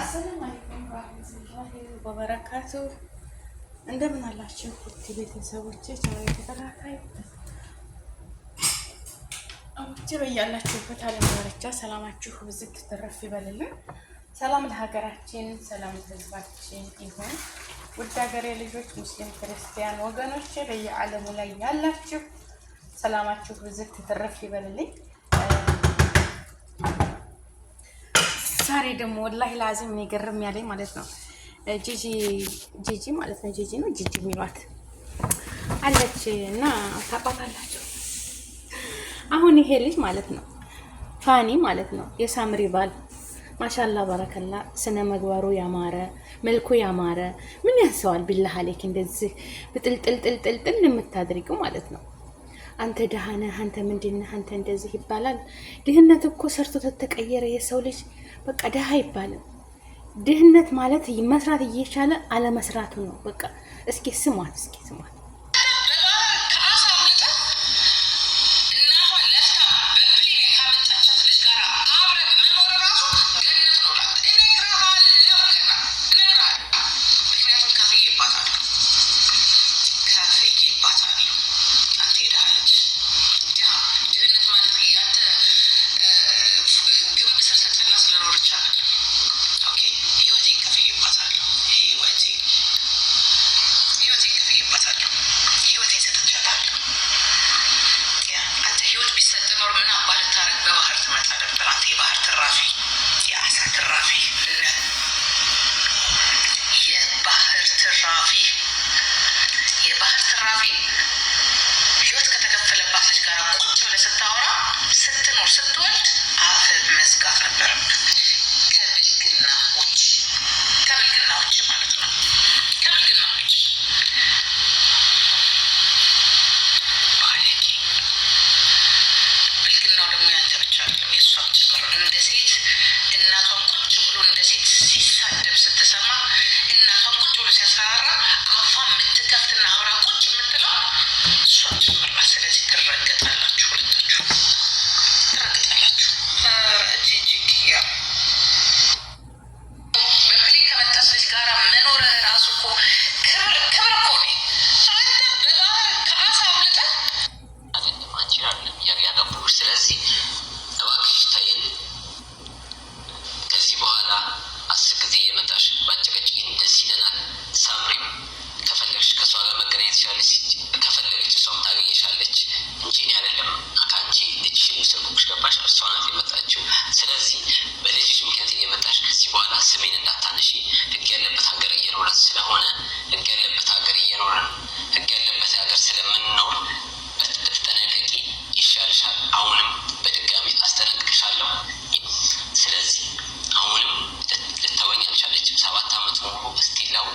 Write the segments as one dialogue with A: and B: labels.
A: አሰላሙ አለይኩም ወራህመቱላሂ ወበረካቱ። እንደምን አላችሁ ውድ ቤተሰቦቼ፣ ቻናል ተከታታይ አውጭ በያላችሁበት ዓለም ዳርቻ ሰላማችሁ ብዝት ትረፍ ይበልልን። ሰላም ለሀገራችን፣ ሰላም ለሕዝባችን ይሁን። ውድ ሀገሬ ልጆች፣ ሙስሊም ክርስቲያን ወገኖች በየዓለሙ ላይ ያላችሁ ሰላማችሁ ብዝት ትረፍ ይበልልኝ። ዛሬ ደግሞ ወላሂ ላዚም እኔ ገርም ያለኝ ማለት ነው ጂጂ ጂጂ ማለት ነው ጂጂ ነው ጂጂ የሚሏት አለች እና ታውቋታላችሁ። አሁን ይሄ ልጅ ማለት ነው ፋኒ ማለት ነው የሳምሪ ባል ማሻላ ባረከላ፣ ስነ መግባሩ ያማረ፣ መልኩ ያማረ ምን ያንሰዋል? ቢላህ አለክ እንደዚህ ብጥልጥልጥልጥልጥል የምታደርገው ማለት ነው። አንተ ደሃ ነህ፣ አንተ ምንድን ነህ፣ አንተ እንደዚህ ይባላል። ድህነት እኮ ሰርቶ ተተቀየረ የሰው ልጅ በቃ ድሃ አይባልም። ድህነት ማለት መስራት እየቻለ አለመስራቱ ነው። በቃ እስኪ ስሟት፣ እስኪ ስሟት ስትኖር ግን አባ ልታረግ በባህር ትመጣ ነበር። አንተ የባህር ትራፊ፣ የአሳ ትራፊ የባህር ትራፊ የባህር ትራፊ
B: ህይወት ከተከፈለባት ልጅ ጋር ቁጭ ብለህ ስታወራ ስትኖር ስትወልድ አፍህ መዝጋት ነበር። የእሷን ችግር እንደ ሴት እናቷን ቁጭ ብሎ እንደ ሴት ሲሳደብ ስትሰማ እናቷን ቁጭ ብሎ ሲያስፈራራ አፏን የምትከፍትና አብራ ቁጭ የምትለው እሷ ችግር ስለዚህ ትረገጥ ጭራሽ እርሷ ናት የመጣችው። ስለዚህ በልጅቱ ምክንያት የመጣሽ ከዚህ በኋላ ስሜን እንዳታነሺ። ህግ ያለበት ሀገር እየኖረን ስለሆነ ህግ ያለበት ሀገር እየኖረን ህግ ያለበት ሀገር ስለምንኖር ብትጠነቀቂ ይሻልሻል። አሁንም በድጋሚ አስጠነቅቅሻለሁ። ስለዚህ አሁንም ልታወኝ አልቻለችም። ሰባት አመት ሙሉ እስቲላው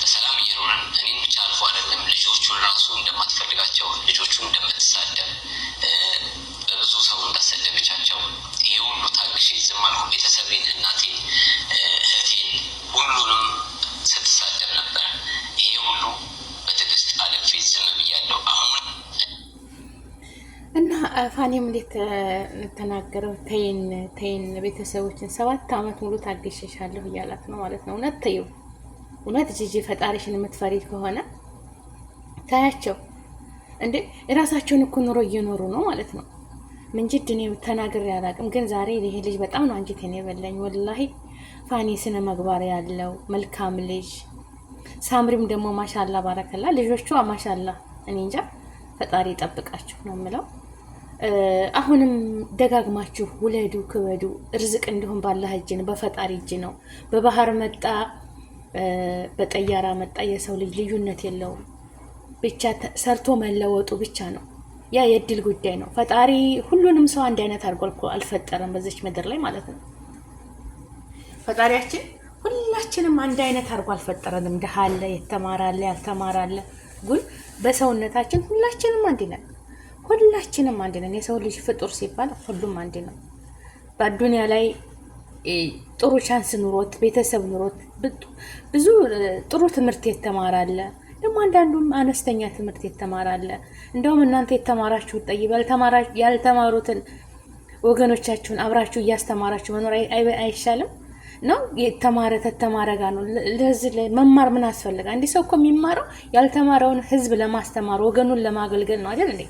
B: በሰላም እየኖረን እኔን ብቻ አልፎ አይደለም ልጆቹን ራሱ እንደማትፈልጋቸው ልጆቹን እንደምትሳደብ ብዙ ሰው እንዳሰደበቻቸው ይህ ሁሉ ታግሼ ዝም አልኩ። ቤተሰቤን፣ እናቴን፣ እህቴን ሁሉንም ስትሳደብ ነበር። ይህ ሁሉ በትዕግስት አልፌ ዝም ብያለሁ። አሁን
A: እና ፋኔም እንዴት ተናገረው? ተይን ተይን፣ ቤተሰቦችን ሰባት አመት ሙሉ ታግሼሻለሁ እያላት ነው ማለት ነው። እውነት ተይው፣ እውነት ጂጂ ፈጣሪሽን የምትፈሪ ከሆነ ታያቸው እንዴ! እራሳቸውን እኮ ኑሮ እየኖሩ ነው ማለት ነው። ምንጅድ እኔ ተናግሬ አላውቅም፣ ግን ዛሬ ይሄ ልጅ በጣም ነው አንጀቴን የበላኝ። ወላሂ ፋኒ ስነ መግባር ያለው መልካም ልጅ፣ ሳምሪም ደግሞ ማሻላ ባረከላ፣ ልጆቿ ማሻላ። እኔ እንጃ ፈጣሪ ይጠብቃችሁ ነው የምለው። አሁንም ደጋግማችሁ ውለዱ፣ ክበዱ። እርዝቅ እንዲሁም ባላህ እጅ ነው፣ በፈጣሪ እጅ ነው። በባህር መጣ፣ በጠያራ መጣ፣ የሰው ልጅ ልዩነት የለውም። ብቻ ሰርቶ መለወጡ ብቻ ነው። ያ የእድል ጉዳይ ነው። ፈጣሪ ሁሉንም ሰው አንድ አይነት አድርጎ አልፈጠረም በዚች ምድር ላይ ማለት ነው። ፈጣሪያችን ሁላችንም አንድ አይነት አድርጎ አልፈጠረንም። ድሃ አለ፣ የተማረ አለ፣ ያልተማረ አለ። ግን በሰውነታችን ሁላችንም አንድ ነን። ሁላችንም አንድ ነን። የሰው ልጅ ፍጡር ሲባል ሁሉም አንድ ነው። በአዱኒያ ላይ ጥሩ ቻንስ ኑሮት ቤተሰብ ኑሮት ብዙ ጥሩ ትምህርት የተማረ አለ ደግሞ አንዳንዱም አነስተኛ ትምህርት የተማራለ እንደውም እናንተ የተማራችሁ ጠይብ ያልተማሩትን ወገኖቻችሁን አብራችሁ እያስተማራችሁ መኖር አይሻልም ነው? የተማረ ተተማረ ጋር ነው። ለዚህ መማር ምን አስፈልግ? አንድ ሰው እኮ የሚማረው ያልተማረውን ህዝብ ለማስተማር ወገኑን ለማገልገል ነው አይደል እንዴ?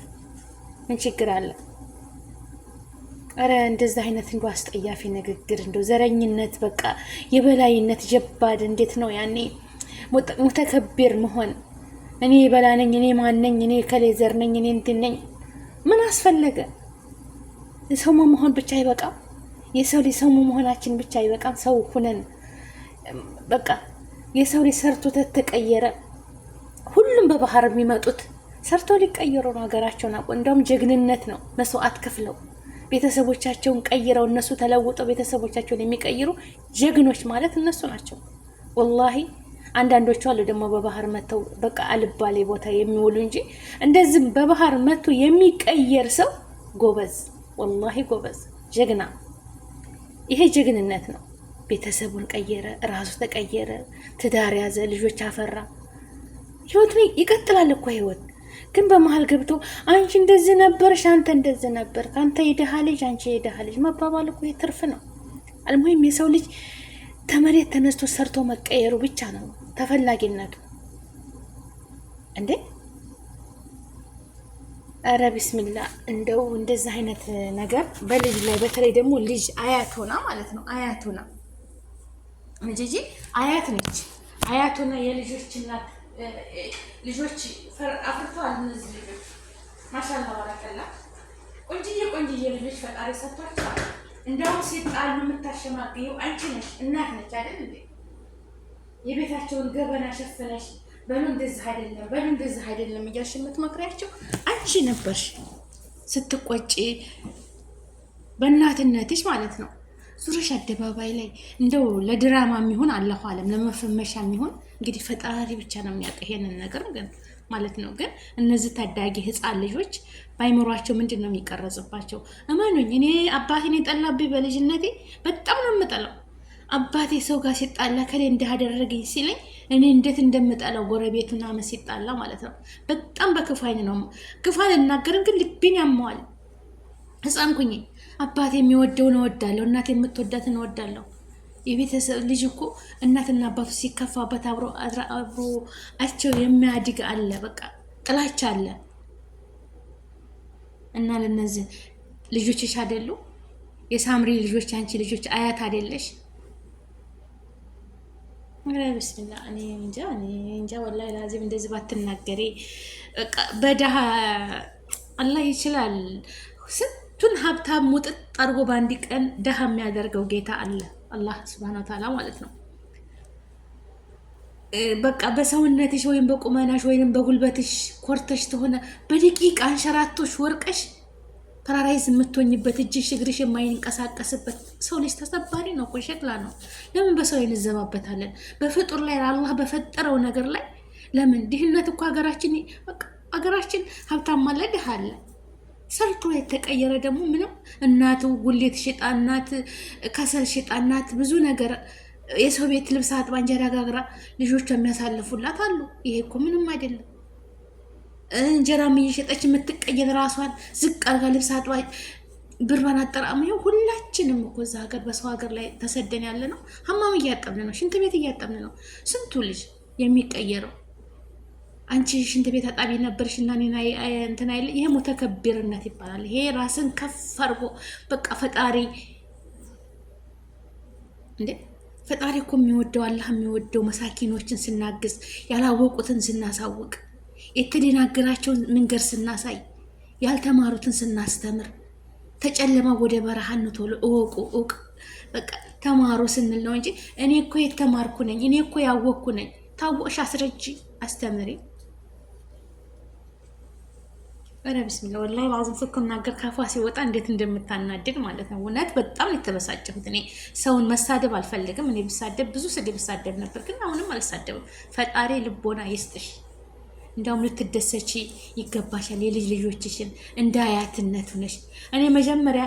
A: ምን ችግር አለ? ኧረ እንደዚህ አይነት እንዶ አስጠያፊ ንግግር እንደው ዘረኝነት፣ በቃ የበላይነት ጀባድ እንዴት ነው ያኔ ሙተከቢር መሆን እኔ በላ ነኝ፣ እኔ ማነኝ፣ እኔ ከሌዘር ነኝ፣ እኔ እንትን ነኝ። ምን አስፈለገ? ሰው መሆን ብቻ አይበቃም? የሰው ልጅ ሰው መሆናችን ብቻ አይበቃም? ሰው ሁነን በቃ የሰው ልጅ ሰርቶ ተተቀየረ። ሁሉም በባህር የሚመጡት ሰርቶ ሊቀየሩ ነው። ሀገራቸውን አቆ እንደውም ጀግንነት ነው። መስዋዕት ከፍለው ቤተሰቦቻቸውን ቀይረው እነሱ ተለውጠው ቤተሰቦቻቸውን የሚቀይሩ ጀግኖች ማለት እነሱ ናቸው ወላሂ አንዳንዶቹ አሉ ደግሞ በባህር መተው በቃ አልባሌ ቦታ የሚውሉ እንጂ እንደዚህም በባህር መቶ የሚቀየር ሰው ጎበዝ፣ ወላሂ ጎበዝ፣ ጀግና። ይሄ ጀግንነት ነው። ቤተሰቡን ቀየረ፣ ራሱ ተቀየረ፣ ትዳር ያዘ፣ ልጆች አፈራ። ህይወት ይቀጥላል እኮ ህይወት ግን በመሀል ገብቶ አንቺ እንደዚህ ነበርሽ፣ አንተ እንደዚህ ነበር፣ አንተ የደሃ ልጅ፣ አንቺ የደሃ ልጅ መባባል እኮ ትርፍ ነው። አልሙሂም የሰው ልጅ ተመሬት ተነስቶ ሰርቶ መቀየሩ ብቻ ነው ተፈላጊነቱ። እንዴ ኧረ ቢስሚላ እንደው እንደዚህ አይነት ነገር በልጅ ላይ በተለይ ደግሞ ልጅ አያት ሆና ማለት ነው አያት ሆና ልጅ አያት ነች አያት ሆና የልጆች እናት ልጆች አፍርተዋል። እነዚህ ልጆች ማሻላ ባረከላ ቆንጅዬ ቆንጅዬ ልጆች ፈጣሪ ሰጥቷቸዋል። እንዳሁን ሲጣሉ የምታሸማቅየው አንቺ ነሽ፣ እናት ነች አይደል እንዴ? የቤታቸውን ገበና ሸፍነሽ በምን እንደዚህ አይደለም በምን እንደዚህ አይደለም እያልሽ የምትመክሪያቸው አንቺ ነበርሽ። ስትቆጪ በእናትነትሽ ማለት ነው። ዙረሽ አደባባይ ላይ እንደው ለድራማ የሚሆን አለሁ አለም ለመፈመሻ የሚሆን እንግዲህ ፈጣሪ ብቻ ነው የሚያውቅ ይሄንን ነገር ግን ማለት ነው። ግን እነዚህ ታዳጊ ህፃን ልጆች ባይምሯቸው ምንድን ነው የሚቀረጽባቸው? እመኑኝ፣ እኔ አባቴን የጠላብኝ በልጅነቴ በጣም ነው የምጠላው። አባቴ ሰው ጋር ሲጣላ ከሌ እንዳደረገኝ ሲለኝ እኔ እንዴት እንደምጠላው ጎረቤቱ ምናምን ሲጣላ ማለት ነው። በጣም በክፉ ዓይን ነው ክፉ አልናገርም፣ ግን ልቤን ያመዋል። ህፃንኩኝ አባቴ የሚወደውን እወዳለሁ፣ እናቴ የምትወዳትን እወዳለሁ የቤተሰብ ልጅ እኮ እናትና አባቱ ሲከፋበት አብሮ አቸው የሚያድግ አለ። በቃ ጥላች አለ እና ለነዚህ ልጆችሽ አይደሉ? የሳምሪ ልጆች አንቺ ልጆች አያት አይደለሽ? ብስሚላ እኔ እንጃ እኔ እንጃ ወላሂ ላዚም እንደዚህ ባትናገሪ በድሃ አላህ ይችላል። ስንቱን ሀብታም ሙጥጥ አድርጎ በአንድ ቀን ድሃ የሚያደርገው ጌታ አለ። አላህ ስብሃነሁ ወተዓላ ማለት ነው። በቃ በሰውነትሽ ወይም በቁመናሽ ወይም በጉልበትሽ ኮርተሽ ተሆነ በደቂቃ አንሸራቶሽ ወርቀሽ ፓራራይዝ የምትሆኝበት እጅሽ እግርሽ የማይንቀሳቀስበት ሰው ልጅ ተሰባሪ ነው እኮ ሸክላ ነው። ለምን በሰው እንዘባበታለን? በፍጡር ላይ አላህ በፈጠረው ነገር ላይ ለምን ድህነት እኮ ሀገራችን ሀገራችን ሀብታም አለ ድሃ አለ ሰርቶ የተቀየረ ደግሞ ምንም እናት ጉሌት ሽጣ እናት ከሰል ሽጣ እናት ብዙ ነገር የሰው ቤት ልብስ አጥባ እንጀራ ጋግራ ልጆቿ የሚያሳልፉላት አሉ። ይሄ እኮ ምንም አይደለም። እንጀራም እየሸጠች የምትቀየር ራሷን ዝቅ አርጋ ልብስ አጥባ ብርባን አጠራሙ። ሁላችንም እኮ እዛ ሀገር በሰው ሀገር ላይ ተሰደን ያለ ነው። ሀማም እያጠብን ነው፣ ሽንት ቤት እያጠብን ነው። ስንቱ ልጅ የሚቀየረው አንቺ ሽንት ቤት አጣቢ ነበርሽ እና እንትን አይል። ይሄ ሙተከቢርነት ይባላል። ይሄ ራስን ከፍ አድርጎ በቃ ፈጣሪ እንዴ ፈጣሪ እኮ የሚወደው አላህ የሚወደው መሳኪኖችን ስናግዝ፣ ያላወቁትን ስናሳውቅ፣ የተደናገራቸውን መንገድ ስናሳይ፣ ያልተማሩትን ስናስተምር፣ ተጨለማ ወደ በረሃን ቶሎ እወቁ እውቅ በቃ ተማሩ ስንል ነው እንጂ እኔ እኮ የተማርኩ ነኝ እኔ እኮ ያወቅኩ ነኝ ታወቅሽ፣ አስረጂ፣ አስተምሪ ኧረ ቢስሚላ ወላሂ ለአዝም ስትናገር ካፏ ሲወጣ እንዴት እንደምታናድድ ማለት ነው። እውነት በጣም የተበሳጨሁት እኔ ሰውን መሳደብ አልፈልግም። እኔ ብሳደብ ብዙ ስድብ ብሳደብ ነበር፣ ግን አሁንም አልሳደብም። ፈጣሪ ልቦና ይስጥሽ። እንዳውም ልትደሰች ይገባሻል። የልጅ ልጆችሽን እንደ አያትነት ሆነሽ እኔ መጀመሪያ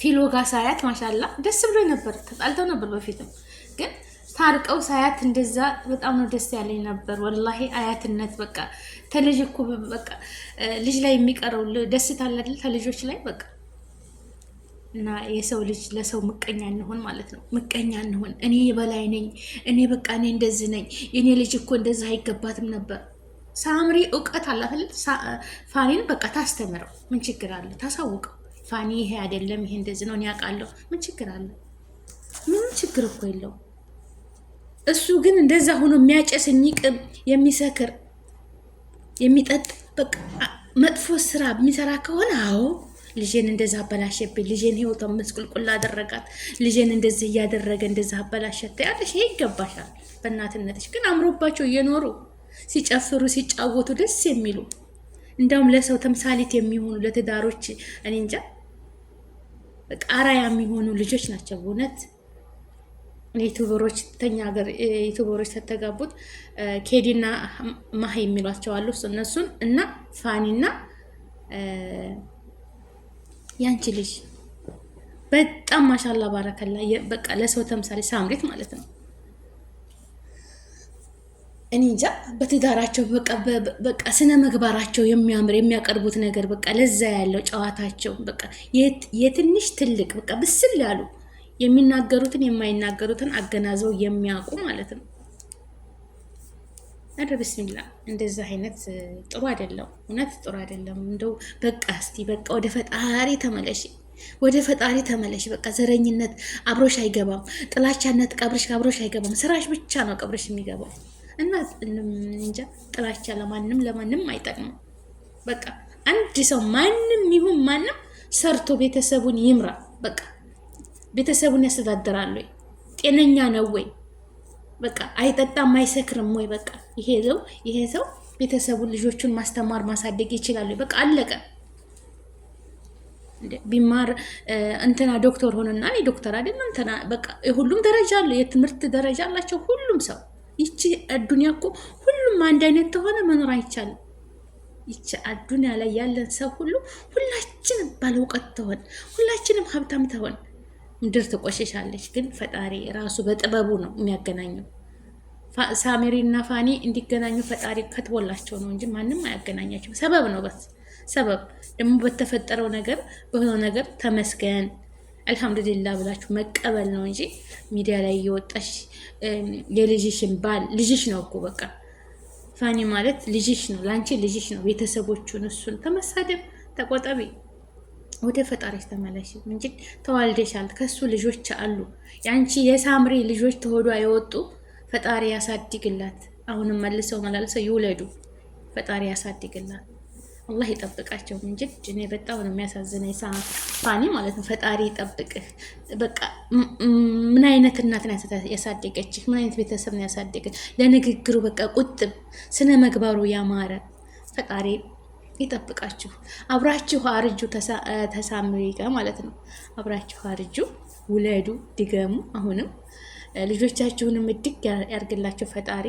A: ፊሎጋ ሳያት ማሻላ ደስ ብሎ ነበር። ተጣልተው ነበር በፊትም ግን ታርቀው ሳያት እንደዛ በጣም ነው ደስ ያለኝ ነበር። ወላሂ አያትነት በቃ ተልጅ እኮ በቃ ልጅ ላይ የሚቀረው ደስታ አለ ተልጆች ላይ በቃ እና የሰው ልጅ ለሰው ምቀኛ እንሆን ማለት ነው። ምቀኛ እንሆን እኔ የበላይ ነኝ፣ እኔ በቃ እኔ እንደዚህ ነኝ፣ የኔ ልጅ እኮ እንደዚህ አይገባትም ነበር። ሳምሪ እውቀት አላትል ፋኒን በቃ ታስተምረው፣ ምን ችግር አለ? ታሳውቀው፣ ፋኒ ይሄ አይደለም ይሄ እንደዚህ ነው እኔ አውቃለሁ፣ ምን ችግር አለ? ምንም ችግር እኮ የለውም። እሱ ግን እንደዛ ሆኖ የሚያጨስ የሚቅም የሚሰክር የሚጠጥ በቃ መጥፎ ስራ የሚሰራ ከሆነ አዎ ልጄን እንደዛ አበላሸብኝ፣ ልጄን ህይወቷ መስቁልቁል አደረጋት፣ ልጄን እንደዚህ እያደረገ እንደዛ አበላሸት ያለሽ ይሄ ይገባሻል። በእናትነትሽ ግን አምሮባቸው እየኖሩ ሲጨፍሩ ሲጫወቱ ደስ የሚሉ እንዳውም ለሰው ተምሳሌት የሚሆኑ ለትዳሮች እኔ እንጃ ቃራያ የሚሆኑ ልጆች ናቸው በእውነት። ዩቱበሮች ተኛ ሀገር ዩቱበሮች ተተጋቡት ኬዲና ማህ የሚሏቸው አሉ። እነሱን እና ፋኒና ያንቺ ልጅ በጣም ማሻላ ባረከላ፣ በቃ ለሰው ተምሳሌ ሳምሪት ማለት ነው። እኔ እንጃ በትዳራቸው በቃ ስነ ምግባራቸው የሚያምር የሚያቀርቡት ነገር በቃ ለዛ ያለው ጨዋታቸው በቃ የትንሽ ትልቅ በቃ ብስል ያሉ የሚናገሩትን የማይናገሩትን አገናዘው የሚያውቁ ማለት ነው። አረ ብስሚላ እንደዚህ አይነት ጥሩ አይደለም፣ እውነት ጥሩ አይደለም። እንደው በቃ እስቲ በቃ ወደ ፈጣሪ ተመለሽ፣ ወደ ፈጣሪ ተመለሽ። በቃ ዘረኝነት አብሮሽ አይገባም፣ ጥላቻነት ቀብርሽ አብሮሽ አይገባም። ስራሽ ብቻ ነው ቀብርሽ የሚገባው እና እንጃ ጥላቻ ለማንም ለማንም አይጠቅምም። በቃ አንድ ሰው ማንም ይሁን ማንም ሰርቶ ቤተሰቡን ይምራ በቃ ቤተሰቡን ያስተዳድራል ወይ? ጤነኛ ነው ወይ? በቃ አይጠጣም አይሰክርም ወይ? በቃ ይሄ ሰው ይሄ ሰው ቤተሰቡን ልጆቹን ማስተማር ማሳደግ ይችላል ወይ? በቃ አለቀ። ቢማር እንትና ዶክተር ሆነና እኔ ዶክተር አይደለም እንትና በቃ ሁሉም ደረጃ አለ፣ የትምህርት ደረጃ አላቸው። ሁሉም ሰው ይቺ አዱንያ እኮ ሁሉም አንድ አይነት ተሆነ መኖር አይቻልም። ይቺ አዱንያ ላይ ያለን ሰው ሁሉ ሁላችንም እውቀት ተሆን፣ ሁላችንም ሀብታም ተሆን ምድር ትቆሽሻለች። ግን ፈጣሪ ራሱ በጥበቡ ነው የሚያገናኘው። ሳሜሪ እና ፋኒ እንዲገናኙ ፈጣሪ ከትቦላቸው ነው እንጂ ማንም አያገናኛቸው። ሰበብ ነው በስ ሰበብ ደግሞ በተፈጠረው ነገር በሆነው ነገር ተመስገን አልሐምዱሊላ ብላችሁ መቀበል ነው እንጂ ሚዲያ ላይ እየወጣሽ የልጅሽን ባል ልጅሽ ነው እኮ በቃ ፋኒ ማለት ልጅሽ ነው፣ ለአንቺ ልጅሽ ነው። ቤተሰቦቹን እሱን ተመሳደብ ተቆጠቢ። ወደ ፈጣሪሽ ተመለሽ እንጂ ተዋልደሻል። ከሱ ልጆች አሉ። የአንቺ የሳምሪ ልጆች ተሆዷ የወጡ ፈጣሪ ያሳድግላት። አሁንም መልሰው መላልሰው ይውለዱ። ፈጣሪ ያሳድግላት። አላህ ይጠብቃቸው። እንጂ እኔ በጣም ነው የሚያሳዝነኝ ፋኒ ማለት ነው። ፈጣሪ ይጠብቅህ። በቃ ምን አይነት እናት ያሳደገችህ? ምን አይነት ቤተሰብ ነው ያሳደገች? ለንግግሩ በቃ ቁጥብ፣ ስነ መግባሩ ያማረ ፈጣሪ ይጠብቃችሁ። አብራችሁ አርጁ፣ ተሳምሪቀ ማለት ነው። አብራችሁ አርጁ፣ ውለዱ፣ ድገሙ። አሁንም ልጆቻችሁንም እድግ ያርግላችሁ ፈጣሪ።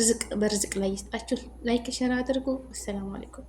A: ርዝቅ በርዝቅ ላይ ይስጣችሁ። ላይክ ሸር አድርጉ። አሰላሙ አለይኩም